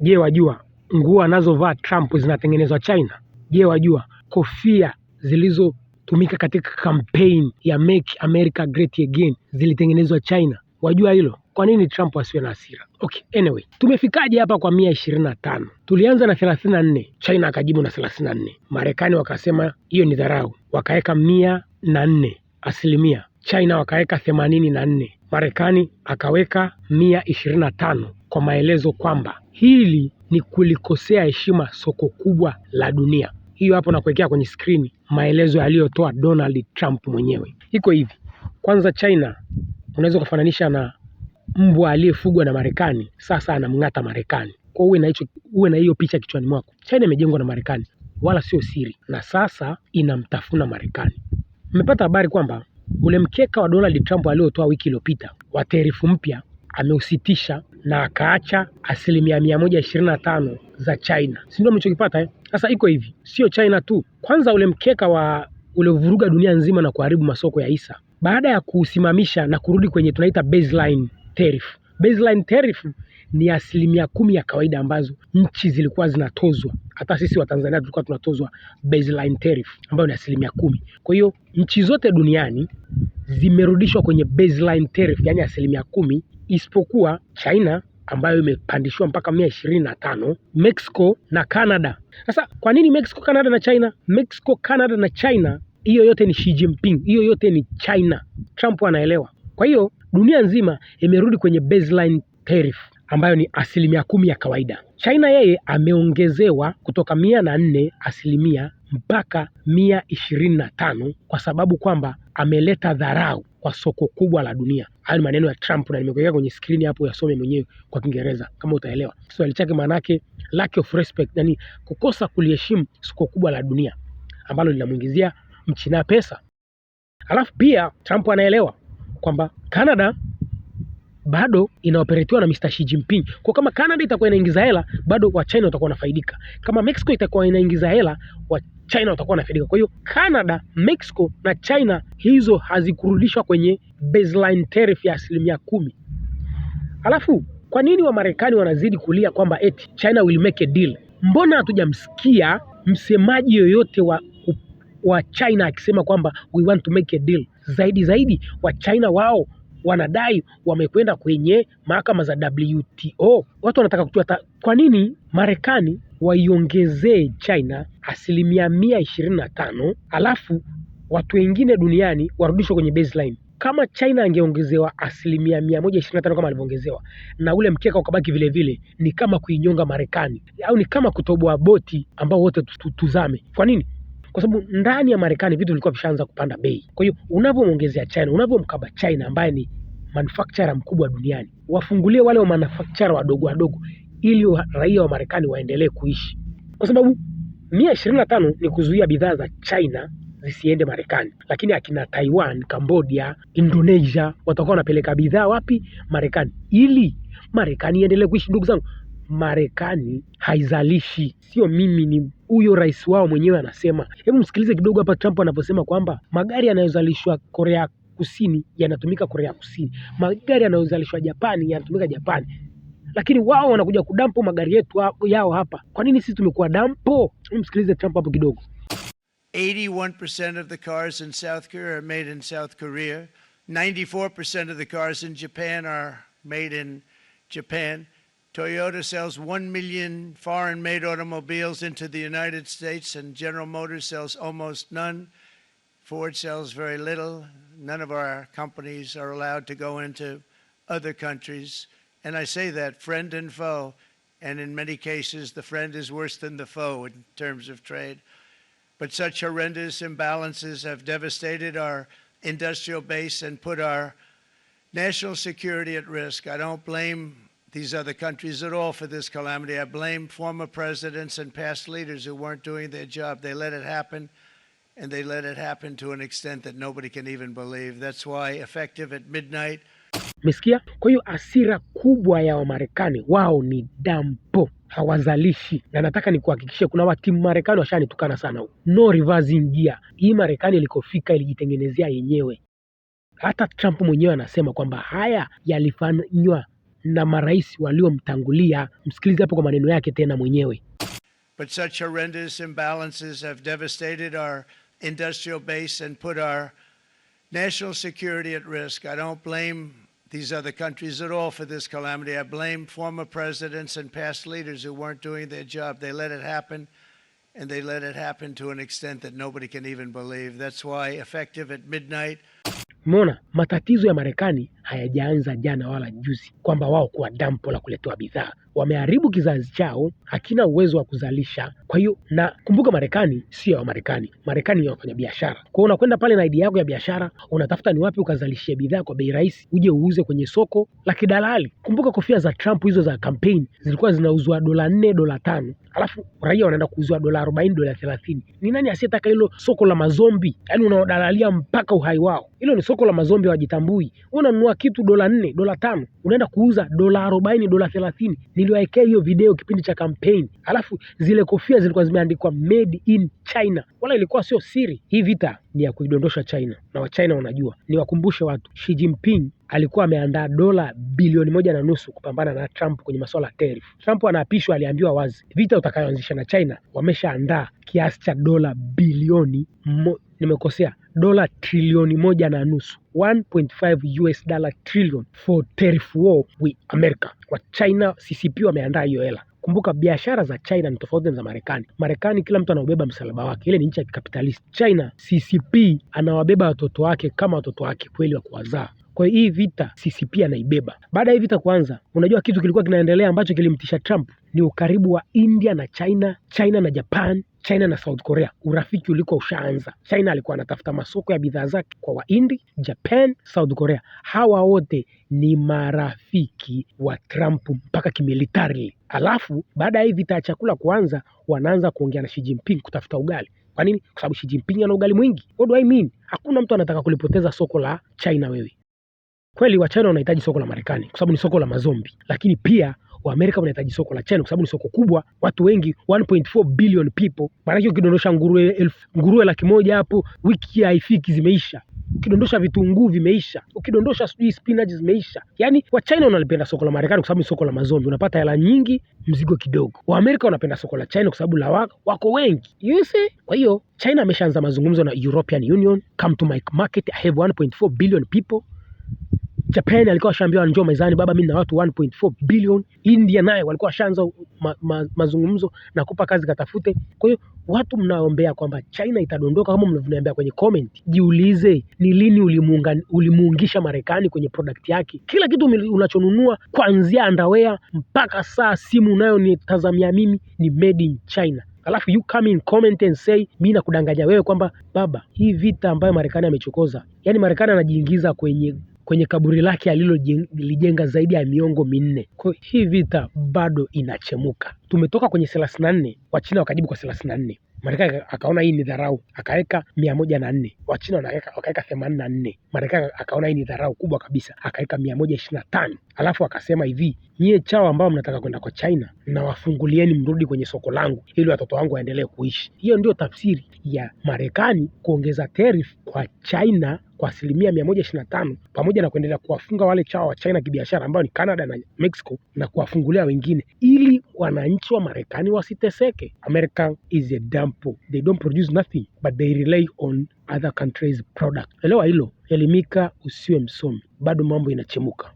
Je, wajua nguo anazovaa Trump zinatengenezwa China? Je, wajua kofia zilizotumika katika campaign ya Make America Great Again zilitengenezwa China? Wajua hilo? Kwa nini Trump asiwe na hasira? Okay, anyway, tumefikaje hapa kwa mia ishirini na tano? Tulianza na thelathini na nne, China akajibu na thelathini na nne. Marekani wakasema hiyo ni dharau, wakaweka mia na nne asilimia China wakaweka themanini na nne, Marekani akaweka mia ishirini na tano kwa maelezo kwamba hili ni kulikosea heshima soko kubwa la dunia. Hiyo hapo nakuwekea kwenye skrini maelezo yaliyotoa Donald Trump mwenyewe. Iko hivi. Kwanza, China unaweza ukafananisha na mbwa aliyefugwa na Marekani, sasa anamng'ata Marekani. Kwa uwe na hicho, uwe na hiyo picha kichwani mwako. China imejengwa na Marekani, wala sio siri, na sasa inamtafuna Marekani. Mmepata habari kwamba ule mkeka wa Donald Trump aliotoa wiki iliyopita wa taarifu mpya ameusitisha na akaacha asilimia mia moja ishirini na tano za China, si ndio mlichokipata eh? Sasa iko hivi, sio China tu. Kwanza ule mkeka wa uliovuruga dunia nzima na kuharibu masoko ya hisa, baada ya kusimamisha na kurudi kwenye tunaita baseline tariff. Baseline tariff ni asilimia kumi ya kawaida ambazo nchi zilikuwa zinatozwa. Hata sisi Watanzania tulikuwa tunatozwa baseline tariff ambayo ni asilimia kumi. Kwa hiyo nchi zote duniani zimerudishwa kwenye baseline tariff, yani asilimia kumi isipokuwa China ambayo imepandishiwa mpaka mia ishirini na tano, Mexico na Canada. Sasa kwa nini Mexico, Canada na China? Mexico, Canada na China, hiyo yote ni Xi Jinping, hiyo yote ni China. Trump anaelewa. Kwa hiyo dunia nzima imerudi kwenye baseline tariff ambayo ni asilimia kumi ya kawaida. China yeye ameongezewa kutoka mia na nne asilimia mpaka mia ishirini na tano kwa sababu kwamba ameleta dharau kwa soko kubwa la dunia. Hayo ni maneno ya Trump na nimekuwekea kwenye skrini hapo, yasome mwenyewe kwa Kiingereza kama utaelewa. Kiswahili chake maana yake lack of respect, yani kukosa kuliheshimu soko kubwa la dunia ambalo linamuingizia Mchina pesa. Alafu pia Trump anaelewa kwamba Canada bado inaoperetiwa na Mr. Xi Jinping. Kwa kama Canada itakuwa inaingiza hela, bado wa China watakuwa wanafaidika. Kama Mexico itakuwa inaingiza hela, wa China watakuwa wanafaidika. Kwa hiyo Canada, Mexico na China hizo hazikurudishwa kwenye baseline tariff ya asilimia kumi. Alafu kwa nini Wamarekani wanazidi kulia kwamba eti China will make a deal? Mbona hatujamsikia msemaji yoyote wa wa China akisema kwamba we want to make a deal? Zaidi zaidi wa China wao wanadai wamekwenda kwenye mahakama za WTO. Watu wanataka kujua kwa nini Marekani waiongezee China asilimia mia ishirini na tano alafu watu wengine duniani warudishwe kwenye baseline. Kama China angeongezewa asilimia mia moja ishirini na tano kama alivyoongezewa na ule mkeka ukabaki vile vile, ni kama kuinyonga Marekani au ni kama kutoboa boti ambao wote tutuzame. Kwa nini? kwa sababu ndani ya Marekani vitu vilikuwa vishaanza kupanda bei. Kwa hiyo unapomwongezea China, unavyomkaba China ambaye ni manufacturer mkubwa duniani, wafungulie wale wa manufacturer wadogo wadogo, ili wa raia wa Marekani waendelee kuishi, kwa sababu mia ishirini na tano ni kuzuia bidhaa za China zisiende Marekani, lakini akina Taiwan, Cambodia, Indonesia watakuwa wanapeleka bidhaa wapi? Marekani, ili Marekani iendelee kuishi. Ndugu zangu, Marekani haizalishi. Sio mimi ni huyo rais wao mwenyewe anasema. Hebu msikilize kidogo hapa Trump anaposema kwamba magari yanayozalishwa Korea Kusini yanatumika Korea Kusini. Magari yanayozalishwa Japani yanatumika Japani. Lakini wao wanakuja kudampo magari yetu yao hapa. Kwa nini sisi tumekuwa dampo? Msikilize Trump hapo kidogo. 81% of the cars in South Korea are made in South Korea. 94% of the cars in Japan are made in Japan. Toyota sells 1 million foreign made automobiles into the United States, and General Motors sells almost none. Ford sells very little. None of our companies are allowed to go into other countries. And I say that friend and foe. And in many cases, the friend is worse than the foe in terms of trade. But such horrendous imbalances have devastated our industrial base and put our national security at risk. I don't blame these other countries at all for this calamity. I blame former presidents and past leaders who weren't doing their job. They let it happen, and they let it happen to an extent that nobody can even believe. That's why effective at midnight. Mesikia? Kwa hiyo asira kubwa ya Wamarekani wao ni dampo, hawazalishi na nataka kuhakikishe kuna watimu Marekani washanitukana sana huko. No reversing gear. Hii Marekani ilikofika ilijitengenezea yenyewe. Hata Trump mwenyewe anasema kwamba haya yalifanywa na marais waliomtangulia. Msikilize hapo kwa maneno yake tena mwenyewe. But such horrendous imbalances have devastated our industrial base and put our national security at risk. I don't blame these other countries at all for this calamity. I blame former presidents and past leaders who weren't doing their job. They let it happen and they let it happen to an extent that nobody can even believe. That's why effective at midnight. Mona, matatizo ya Marekani hayajaanza jana wala juzi, kwamba wao kuwa dampo la kuletewa bidhaa. Wameharibu kizazi chao, hakina uwezo wa kuzalisha. Kwa hiyo na kumbuka, Marekani sio ya Marekani, Marekani ni wafanya biashara. Kwa hiyo unakwenda pale na idea yako ya biashara, unatafuta ni wapi ukazalishia bidhaa kwa bei rahisi, uje uuze kwenye soko la kidalali. Kumbuka kofia za Trump hizo za kampeni zilikuwa zinauzwa dola nne, dola tano, alafu raia wanaenda kuuziwa dola arobaini, dola thelathini. Ni nani asiyetaka hilo soko la mazombi? Yaani unaodalalia mpaka uhai wao. Hilo ni soko la mazombi, hawajitambui. Unanunua kitu dola nne, dola tano, unaenda kuuza dola arobaini, dola thelathini. niliwaekea hiyo video kipindi cha kampeni, alafu zile kofia zilikuwa zimeandikwa made in China, wala ilikuwa sio siri. Hii vita ni ya kuidondosha China na Wachina wanajua. Niwakumbushe watu Xi Jinping alikuwa ameandaa dola bilioni moja na nusu kupambana na Trump kwenye masuala ya tarifu. Trump anaapishwa, aliambiwa wazi vita utakayoanzisha na China wameshaandaa kiasi cha dola bilioni mo, nimekosea dola trilioni moja na nusu 1.5 US dollar trillion for tariff war with America. kwa China CCP wameandaa hiyo hela. Kumbuka biashara za China ni tofauti na za Marekani. Marekani kila mtu anaubeba msalaba wake, ile ni nchi ya kikapitalisti. China CCP anawabeba watoto wake kama watoto wake kweli wa kuwazaa. Kwa hiyo hii vita sisi pia naibeba. Baada ya hii vita kuanza, unajua kitu kilikuwa kinaendelea ambacho kilimtisha Trump ni ukaribu wa India na China, China na Japan, China na South Korea. Urafiki ulikuwa ushaanza. China alikuwa anatafuta masoko ya bidhaa zake kwa waindi Japan, South Korea. Hawa wote ni marafiki wa Trump mpaka kimilitari. Alafu baada ya hii vita ya chakula kuanza, wanaanza kuongea na Xi Jinping kutafuta ugali. Kwa nini? Kwa sababu Xi Jinping ana ugali mwingi. What do I mean? Hakuna mtu anataka kulipoteza soko la China wewe. Kweli wa China wanahitaji soko la Marekani kwa sababu ni soko la mazombi, lakini pia wa Amerika wanahitaji soko la China kwa sababu ni soko kubwa, watu wengi 1.4 billion people. Maanake ukidondosha nguruwe elfu nguruwe laki moja hapo wiki haifiki zimeisha. Ukidondosha vitunguu vimeisha, ukidondosha sijui spinach zimeisha. Yani wa China wanalipenda soko la Marekani kwa sababu ni soko la mazombi, unapata hela nyingi, mzigo kidogo. Wa Amerika wanapenda soko la China kwa sababu la wako, wako wengi you see. Kwa hiyo China ameshaanza mazungumzo na European Union, come to my market, I have 1.4 billion people Japan alikuwa ashaambiwa njoo mezani baba, mimi na watu 1.4 billion. India naye walikuwa washaanza ma, ma, mazungumzo na kupa kazi katafute. Kwa hiyo watu mnaombea kwamba China itadondoka kama mnavyoniambia kwenye comment, jiulize ni lini ulimuungisha Marekani kwenye product yake. Kila kitu unachonunua kuanzia underwear mpaka saa simu unayonitazamia mimi ni made in China. Alafu you come in comment and say mimi nakudanganya wewe kwamba baba, hii vita ambayo Marekani amechokoza, yani Marekani anajiingiza kwenye kwenye kaburi lake alilolijenga zaidi ya miongo minne. Kwa hiyo hii vita bado inachemuka. Tumetoka kwenye thelathini na nne, Wachina wakajibu kwa thelathini na nne. Marekani akaona hii ni dharau, akaweka mia moja na nne. Wachina wakaweka themanini na nne. Marekani akaona hii ni dharau kubwa kabisa, akaweka mia moja ishirini na tano. Alafu akasema hivi, nyie chao ambao mnataka kwenda kwa China nawafungulieni, mrudi kwenye soko langu ili watoto wangu waendelee kuishi. Hiyo ndio tafsiri ya Marekani kuongeza tarif kwa China kwa asilimia mia moja ishirini na tano pamoja na kuendelea kuwafunga wale chao wa China kibiashara ambao ni Canada na Mexico na kuwafungulia wengine ili wananchi wa Marekani wasiteseke. America is a dump. They don't produce nothing but they rely on other countries product. Elewa hilo, elimika, usiwe msomi, bado mambo inachemuka.